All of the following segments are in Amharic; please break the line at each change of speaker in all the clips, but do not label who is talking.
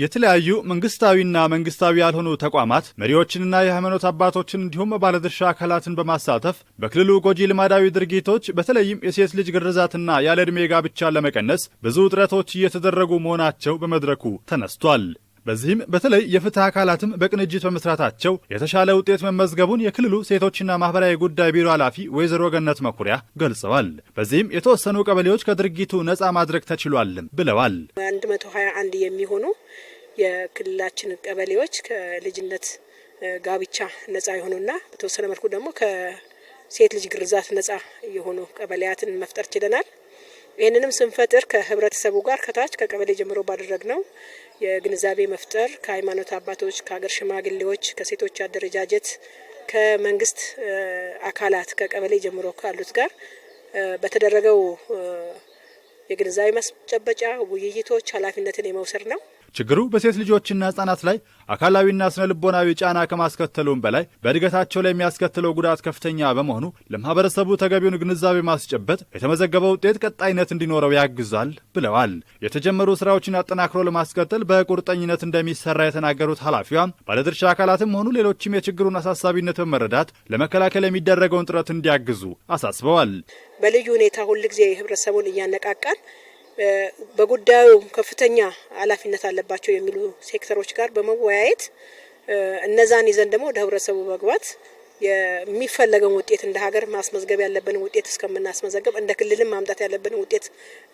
የተለያዩ መንግስታዊና መንግስታዊ ያልሆኑ ተቋማት መሪዎችንና የሃይማኖት አባቶችን እንዲሁም ባለድርሻ አካላትን በማሳተፍ በክልሉ ጎጂ ልማዳዊ ድርጊቶች በተለይም የሴት ልጅ ግርዛትና ያለ ዕድሜ ጋብቻ ለመቀነስ ብዙ ጥረቶች እየተደረጉ መሆናቸው በመድረኩ ተነስቷል። በዚህም በተለይ የፍትህ አካላትም በቅንጅት በመስራታቸው የተሻለ ውጤት መመዝገቡን የክልሉ ሴቶችና ማህበራዊ ጉዳይ ቢሮ ኃላፊ ወይዘሮ ገነት መኩሪያ ገልጸዋል። በዚህም የተወሰኑ ቀበሌዎች ከድርጊቱ ነጻ ማድረግ ተችሏልም ብለዋል።
121 የሚሆኑ የክልላችን ቀበሌዎች ከልጅነት ጋብቻ ነጻ የሆኑና በተወሰነ መልኩ ደግሞ ከሴት ልጅ ግርዛት ነጻ የሆኑ ቀበሌያትን መፍጠር ችለናል። ይህንንም ስንፈጥር ከህብረተሰቡ ጋር ከታች ከቀበሌ ጀምሮ ባደረግ ነው የግንዛቤ መፍጠር ከሃይማኖት አባቶች፣ ከሀገር ሽማግሌዎች፣ ከሴቶች አደረጃጀት፣ ከመንግስት አካላት ከቀበሌ ጀምሮ ካሉት ጋር በተደረገው የግንዛቤ ማስጨበጫ ውይይቶች ኃላፊነትን የመውሰድ ነው።
ችግሩ በሴት ልጆችና ህጻናት ላይ አካላዊና ስነ ልቦናዊ ጫና ከማስከተሉም በላይ በእድገታቸው ላይ የሚያስከትለው ጉዳት ከፍተኛ በመሆኑ ለማህበረሰቡ ተገቢውን ግንዛቤ ማስጨበጥ የተመዘገበው ውጤት ቀጣይነት እንዲኖረው ያግዛል ብለዋል። የተጀመሩ ስራዎችን አጠናክሮ ለማስቀጠል በቁርጠኝነት እንደሚሰራ የተናገሩት ኃላፊዋ ባለድርሻ አካላትም ሆኑ ሌሎችም የችግሩን አሳሳቢነት በመረዳት ለመከላከል የሚደረገውን ጥረት እንዲያግዙ አሳስበዋል።
በልዩ ሁኔታ ሁልጊዜ ህብረተሰቡን እያነቃቃል በጉዳዩ ከፍተኛ ኃላፊነት አለባቸው የሚሉ ሴክተሮች ጋር በመወያየት እነዛን ይዘን ደግሞ ወደ ህብረተሰቡ መግባት የሚፈለገውን ውጤት እንደ ሀገር ማስመዝገብ ያለብንን ውጤት እስከምናስመዘገብ እንደ ክልልም ማምጣት ያለብንን ውጤት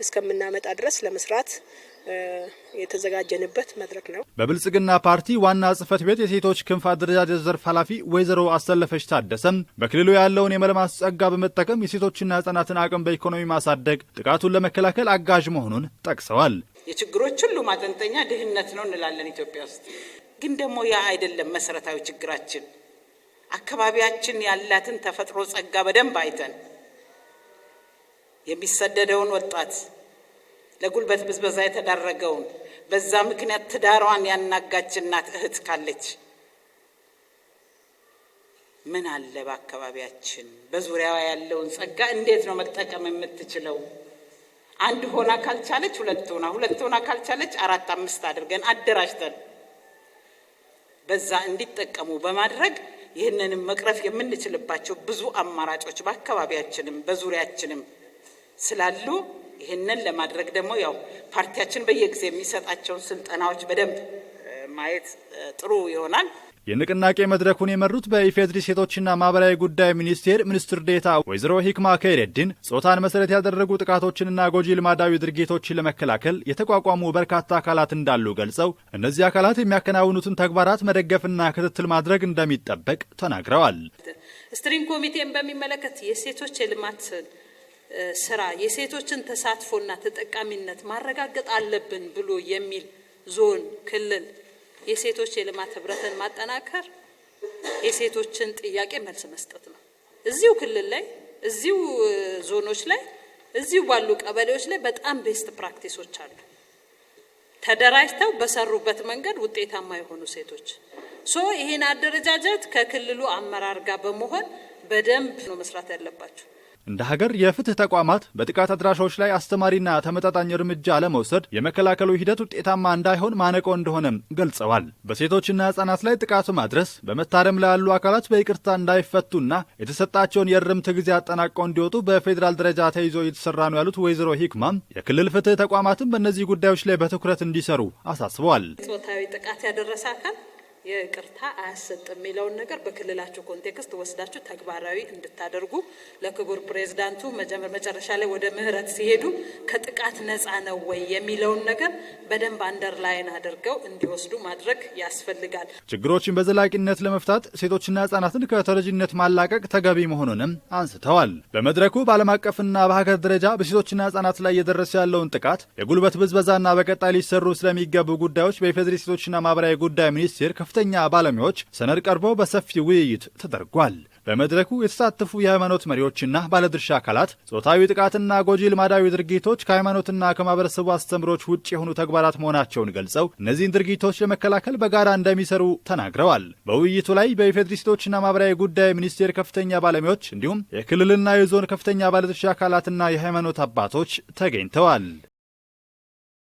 እስከምናመጣ ድረስ ለመስራት የተዘጋጀንበት መድረክ ነው።
በብልጽግና ፓርቲ ዋና ጽህፈት ቤት የሴቶች ክንፍ አደረጃጀት ዘርፍ ኃላፊ ወይዘሮ አሰለፈች ታደሰም በክልሉ ያለውን የመልማት ጸጋ በመጠቀም የሴቶችና ህጻናትን አቅም በኢኮኖሚ ማሳደግ፣ ጥቃቱን ለመከላከል አጋዥ መሆኑን ጠቅሰዋል።
የችግሮች ሁሉ ማጠንጠኛ ድህነት ነው እንላለን ኢትዮጵያ ውስጥ። ግን ደግሞ ያ አይደለም መሰረታዊ ችግራችን አካባቢያችን ያላትን ተፈጥሮ ጸጋ በደንብ አይተን የሚሰደደውን ወጣት ለጉልበት ብዝበዛ የተዳረገውን በዛ ምክንያት ትዳሯን ያናጋች እናት እህት ካለች ምን አለ በአካባቢያችን በዙሪያዋ ያለውን ጸጋ እንዴት ነው መጠቀም የምትችለው? አንድ ሆና ካልቻለች ሁለት ሆና ሁለት ሆና ካልቻለች አራት አምስት አድርገን አደራጅተን በዛ እንዲጠቀሙ በማድረግ ይህንንም መቅረፍ የምንችልባቸው ብዙ አማራጮች በአካባቢያችንም በዙሪያችንም ስላሉ ይህንን ለማድረግ ደግሞ ያው ፓርቲያችን በየጊዜ የሚሰጣቸውን ስልጠናዎች በደንብ ማየት ጥሩ ይሆናል።
የንቅናቄ መድረኩን የመሩት በኢፌድሪ ሴቶችና ማህበራዊ ጉዳይ ሚኒስቴር ሚኒስትር ዴታ ወይዘሮ ሂክማ ከይረዲን ጾታን መሰረት ያደረጉ ጥቃቶችንና ጎጂ ልማዳዊ ድርጊቶችን ለመከላከል የተቋቋሙ በርካታ አካላት እንዳሉ ገልጸው እነዚህ አካላት የሚያከናውኑትን ተግባራት መደገፍና ክትትል ማድረግ እንደሚጠበቅ ተናግረዋል።
ስትሪንግ ኮሚቴን በሚመለከት የሴቶች የልማት ስራ የሴቶችን ተሳትፎና ተጠቃሚነት ማረጋገጥ አለብን ብሎ የሚል ዞን ክልል የሴቶች የልማት ህብረትን ማጠናከር የሴቶችን ጥያቄ መልስ መስጠት ነው። እዚሁ ክልል ላይ እዚሁ ዞኖች ላይ እዚሁ ባሉ ቀበሌዎች ላይ በጣም ቤስት ፕራክቲሶች አሉ። ተደራጅተው በሰሩበት መንገድ ውጤታማ የሆኑ ሴቶች ሶ ይሄን አደረጃጀት ከክልሉ አመራር ጋር በመሆን በደንብ ነው መስራት ያለባቸው።
እንደ ሀገር የፍትህ ተቋማት በጥቃት አድራሾች ላይ አስተማሪና ተመጣጣኝ እርምጃ ለመውሰድ የመከላከሉ ሂደት ውጤታማ እንዳይሆን ማነቆ እንደሆነም ገልጸዋል። በሴቶችና ሕጻናት ላይ ጥቃቱ ማድረስ በመታረም ላይ ያሉ አካላት በይቅርታ እንዳይፈቱና የተሰጣቸውን የእርምት ጊዜ አጠናቀው እንዲወጡ በፌዴራል ደረጃ ተይዞ እየተሰራ ነው ያሉት ወይዘሮ ሂክማም የክልል ፍትህ ተቋማትም በእነዚህ ጉዳዮች ላይ በትኩረት እንዲሰሩ አሳስበዋል።
ጾታዊ ጥቃት ያደረሰ አካል ይቅርታ አያሰጥም የሚለውን ነገር በክልላችሁ ኮንቴክስት ወስዳችሁ ተግባራዊ እንድታደርጉ ለክቡር ፕሬዚዳንቱ መጨረሻ ላይ ወደ ምህረት ሲሄዱ ከጥቃት ነፃ ነው ወይ የሚለውን ነገር በደንብ አንደርላይን አድርገው እንዲወስዱ ማድረግ ያስፈልጋል።
ችግሮችን በዘላቂነት ለመፍታት ሴቶችና ህጻናትን ከተረጂነት ማላቀቅ ተገቢ መሆኑንም አንስተዋል። በመድረኩ በዓለም አቀፍና በሀገር ደረጃ በሴቶችና ህጻናት ላይ እየደረሰ ያለውን ጥቃት፣ የጉልበት ብዝበዛና በቀጣይ ሊሰሩ ስለሚገቡ ጉዳዮች በኢፌዴሪ ሴቶችና ማህበራዊ ጉዳይ ሚኒስቴር ከፍ ከፍተኛ ባለሙያዎች ሰነድ ቀርቦ በሰፊ ውይይት ተደርጓል። በመድረኩ የተሳተፉ የሃይማኖት መሪዎችና ባለድርሻ አካላት ጾታዊ ጥቃትና ጎጂ ልማዳዊ ድርጊቶች ከሃይማኖትና ከማህበረሰቡ አስተምሮች ውጭ የሆኑ ተግባራት መሆናቸውን ገልጸው እነዚህን ድርጊቶች ለመከላከል በጋራ እንደሚሰሩ ተናግረዋል። በውይይቱ ላይ በኢፌዴሪ ሴቶችና ማህበራዊ ጉዳይ ሚኒስቴር ከፍተኛ ባለሙያዎች እንዲሁም የክልልና የዞን ከፍተኛ ባለድርሻ አካላትና የሃይማኖት አባቶች ተገኝተዋል።